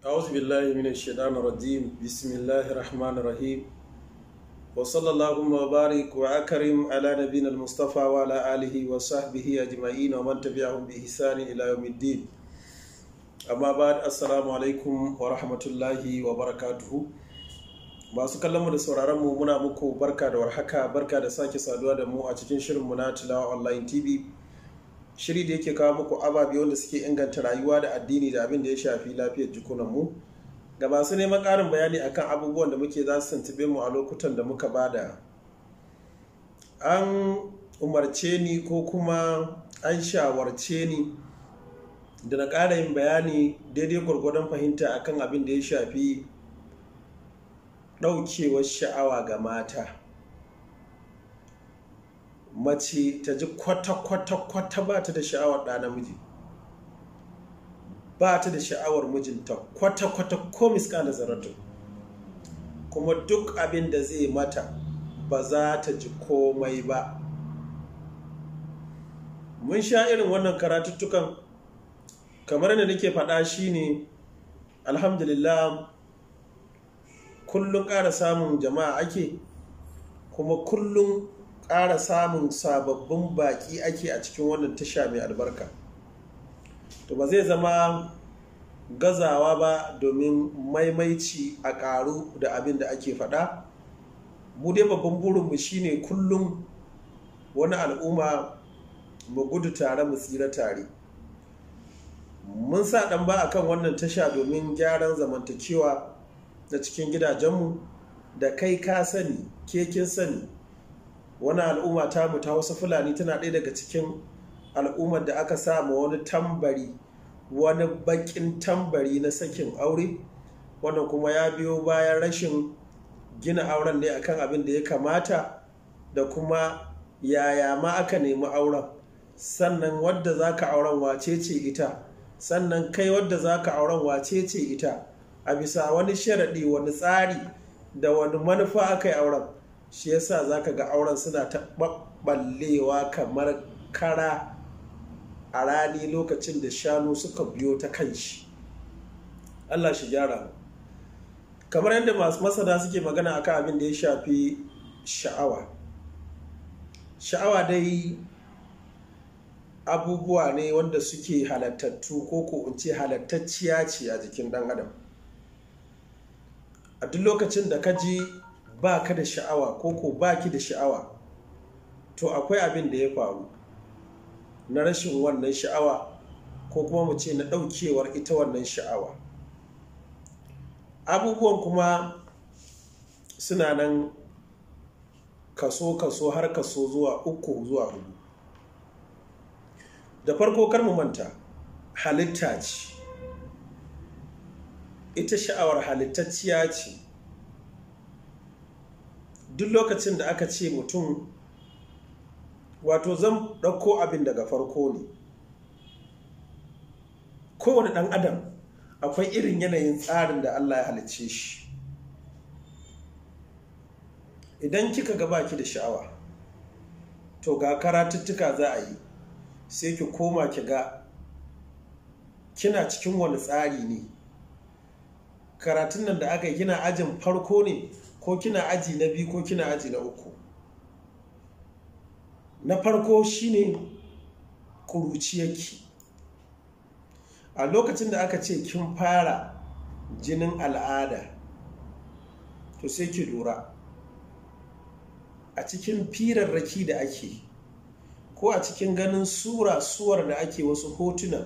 أعوذ بالله من الشيطان الرجيم بسم الله الرحمن الرحيم وصلى اللهم وبارك وأكرم على نبينا المصطفى وعلى آله وصحبه أجمعين ومن تبعهم بإحسان إلى يوم الدين amma ba assalamu alaikum wa rahmatullahi wa barakatuhu masu kallonmu da sauraronmu muna muku barka da warhaka barka da sake saduwa da mu a cikin shirin na tilawa online tv shiri da yake kawo muku ababe wanda suke inganta rayuwa da addini da abin da ya shafi lafiyar jikunanmu ga masu neman ƙarin bayani akan abubuwan da muke za su tuntube mu a lokutan da muka ba bada an umarce ni ko kuma an shawarce ni da na kara yin bayani daidai gwargwadon fahimta akan abin da ya shafi ɗaukewar sha'awa ga mata mace ta ji kwata-kwata-kwata ba ta da sha'awar ɗa namiji ba ta da sha'awar mijinta kwata-kwata ko miskala zaratu kuma duk abin da zai mata ba za ta ji komai ba mun sha irin wannan karatuttukan kamar da nake faɗa ne alhamdulillah kullum ƙara samun jama'a ake kuma kullum ƙara samun sababbin baƙi ake a cikin wannan tasha mai albarka to ba zai zama gazawa ba domin maimaici a ƙaru da abin da ake faɗa mu dai babban burinmu shine kullum wani al'umma mu gudu tare mu tsira tare mun sa ɗan ba a kan wannan tasha domin gyaran zamantakewa na cikin gidajenmu da kai ka sani ke kin sani wani al'umma ta mu ta wasu fulani tana ɗaya daga cikin al'ummar da aka sa ma wani tambari wani bakin tambari na sakin aure wanda kuma ya biyo bayan rashin gina auren ne akan abin da ya kamata da kuma yaya ma aka nemi auren sannan wadda za ka auren wace ce ita sannan kai wadda za ka auren wace ce ita a bisa wani sharaɗi wani tsari da wani manufa aka yi auren shi yasa za ka ga auren suna ta ɓaɓɓallewa kamar kara a rani lokacin da shanu suka biyo ta kan shi allah shi gyara kamar yadda masu masana suke magana akan abin da ya shafi sha'awa sha'awa dai abubuwa ne wanda suke halattattu ko ko in ce halattacciya ce a jikin ɗan adam a duk lokacin da ka ji ba ka da sha'awa ko ko ba ki da sha'awa to akwai abin da ya faru na rashin wannan sha'awa ko kuma mu ce na ɗaukewar ita wannan sha'awa abubuwan kuma suna nan kaso-kaso har kaso zuwa uku zuwa hudu da farko kar mu manta halitta ce ita sha'awar halittacciya ce duk lokacin da aka ce mutum wato zan ɗauko abin daga farko ne kowane ɗan adam akwai irin yanayin tsarin da allah ya halicce shi idan kika ga ki da sha'awa to ga karatuttuka za a yi sai ki koma ki ga kina cikin wani tsari ne karatun nan da aka yi kina ajin farko ne ko kina aji na biyu ko kina aji na uku na farko shine kuruciyarki a lokacin da aka ce kin fara jinin al'ada to sai ki lura a cikin firarraki da ake ko a cikin ganin sura suwar da ake wasu hotunan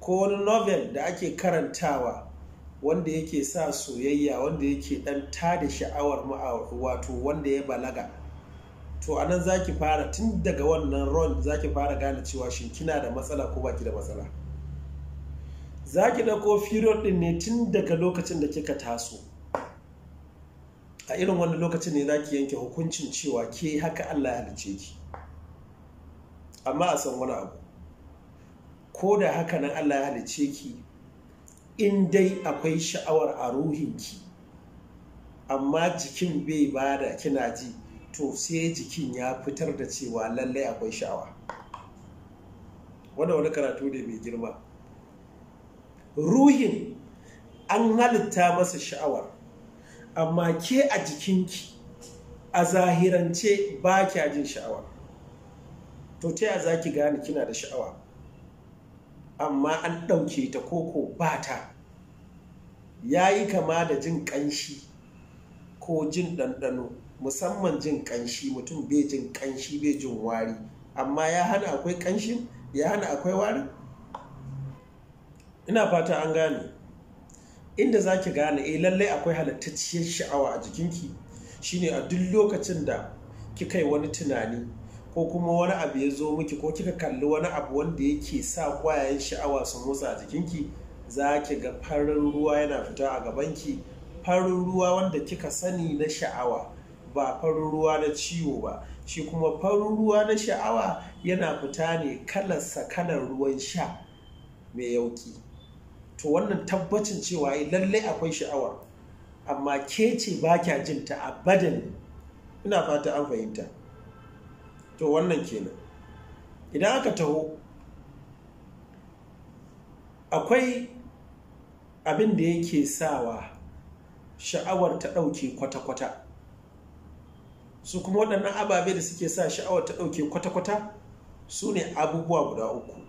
ko wani novel da ake karantawa wanda yake sa soyayya wanda yake dan tada sha'awar wato wanda ya balaga to anan zaki fara tun daga wannan ron zaki fara gane cewa shin kina da matsala ko baki da matsala zaki ɗauko period din ne tun daga lokacin da kika taso a irin wannan lokacin ne zaki yanke hukuncin cewa ke haka Allah ya halice ki amma a san wani abu ko da haka nan Allah ya halice ki in dai akwai sha'awar a ruhinki amma jikin bai bada kina ji to sai jikin ya fitar da cewa lallai akwai sha'awa wanda wani karatu ne mai girma ruhin an halitta masa sha'awa. amma ke a jikinki a zahirance ba kya jin sha'awa to ta za ki gane kina da sha'awa amma an ɗauke ta koko ba ta ya yi kama da jin ƙanshi ko jin ɗanɗano musamman jin ƙanshi mutum bai jin ƙanshi bai jin wari amma ya hana akwai ƙanshin ya hana akwai wari ina fata an gane inda za ki gane eh lallai akwai halittacciyar sha'awa a jikinki shine a duk lokacin da kika yi wani tunani ko kuma wani abu ya zo miki ko kika kalli wani abu wanda yake sa kwayayen sha'awa su motsa a jikinki za ki ga farin ruwa yana fita a ki? farin ruwa wanda kika sani na sha'awa ba farin ruwa na ciwo ba shi kuma farin ruwa na sha'awa yana fita ne kalarsa kalar ruwan sha mai yauki to wannan tabbacin cewa eh, lallai akwai sha'awa amma ke ce ba kya jinta abadan ina fata an fahimta to wannan kenan idan aka taho akwai abin da yake sawa sha'awar ta ɗauke kwata-kwata su kuma waɗannan ababe da suke sa sha'awar ta ɗauke kwata-kwata su ne abubuwa guda uku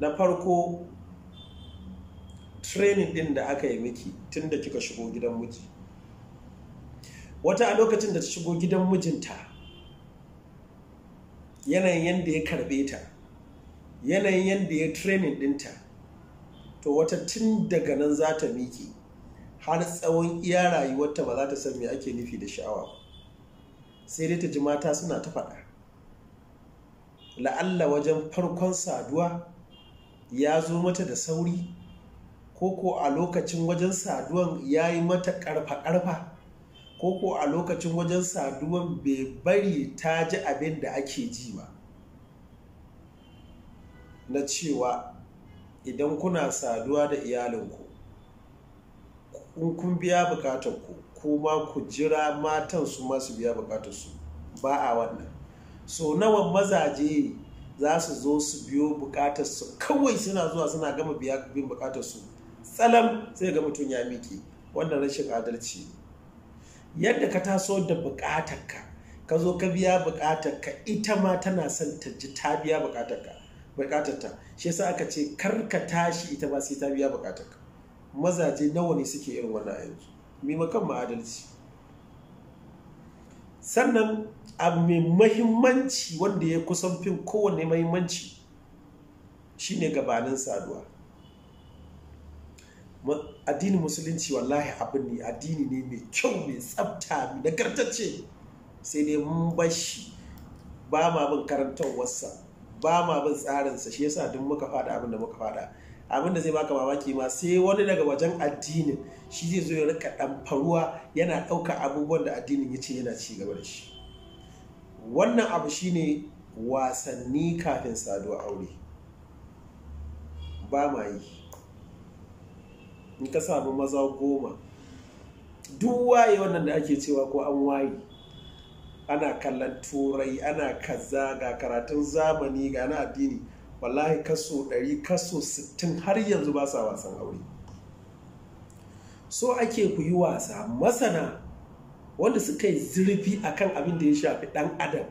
na farko training ɗin da aka yi miki tun da kika shigo gidan miki wata a lokacin da ta shigo gidan mijinta yanayin yadda ya karbe ta yanayin yadda ya trenin dinta to wata tun daga nan za ta miki har tsawon iya rayuwarta ba za ta san me ake nufi da sha'awa sai dai ta ji mata suna ta faɗa la'alla wajen farkon saduwa ya zo mata da sauri ko ko a lokacin wajen saduwan ya yi mata ƙarfa-ƙarfa ko ko a lokacin wajen saduwan bai bari ta ji abin da ake ji ba na cewa idan kuna saduwa da iyalinku in kun biya bukatarku kuma ku jira matan su masu biya bukatarsu ba a wannan so nawa mazaje za su zo su biyo bukatarsu kawai suna zuwa suna gama biya bukatarsu tsalam sai ga mutum ya miki wannan rashin adalci ne yadda ka taso da bukatarka ka zo ka biya bukatarka ita ma tana son ta ji ta biya bukatarka bukatarta shi yasa aka ce kar ka tashi ita ba sai ta biya bukatarka mazaje nawa ne suke irin wannan yanzu mimakan ma'adalci sannan abu mai mahimmanci wanda ya kusan fin kowane mahimmanci shine gabanin saduwa addinin musulunci wallahi abin ne addini ne mai kyau mai tsafta mai nagartacce sai dai mun bashi ba ma bin karantarwarsa ba ma bin tsarinsa shi yasa duk muka fada abin da muka fada abin da zai baka mamaki ma sai wani daga wajen addinin shi zai zo ya rika dan faruwa yana ɗauka abubuwan da addinin ya ce yana ci gaba da shi wannan abu shine wasanni kafin saduwa aure ba ma yi in ka samu maza goma duk waye wannan da ake cewa ko an waye ana kallon turai ana kaza ga karatun zamani ga na addini wallahi kaso 100 kaso 60 har yanzu ba sa wasan aure so ake ku yi wasa masana wanda suka yi zurfi a kan abin da ya shafi dan adam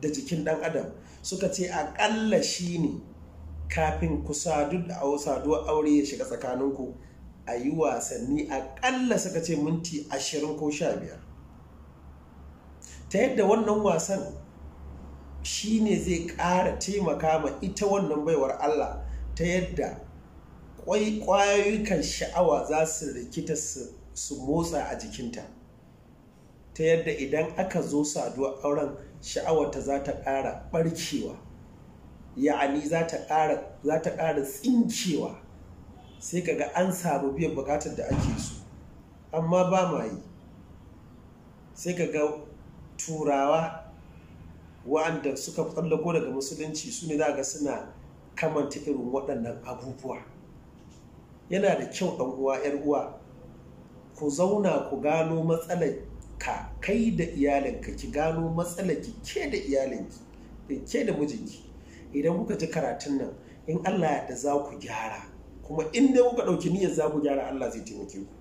da jikin dan adam suka ce aƙalla shi ne kafin ku sadu saduwar aure ya shiga tsakaninku a yi wasanni aƙalla suka ce minti ashirin ko sha biyar ta yadda wannan wasan shi ne zai ƙara taimaka ma ita wannan baiwar allah ta yadda ƙwayoyukan sha'awa za su rikita su motsa a jikinta ta yadda idan aka zo saduwa auren sha'awarta za ta ƙara ɓarkewa ya'ani za ta ƙara tsincewa. sai kaga an samu biyan bukatar da ake su amma ba ma yi sai kaga turawa wa'anda suka tsallako daga musulunci su ne za ga suna kamanta irin waɗannan abubuwa yana da kyau ɗan uwa ‘yar uwa ku zauna ku gano matsalar ka kai da iyalinka ki gano matsalar ki ke da iyalinki ke da mijinki idan kuka ji karatun nan in Allah ya da za ku gyara kuma in dai kuka ɗauki niyyar za ku gyara Allah zai taimake ku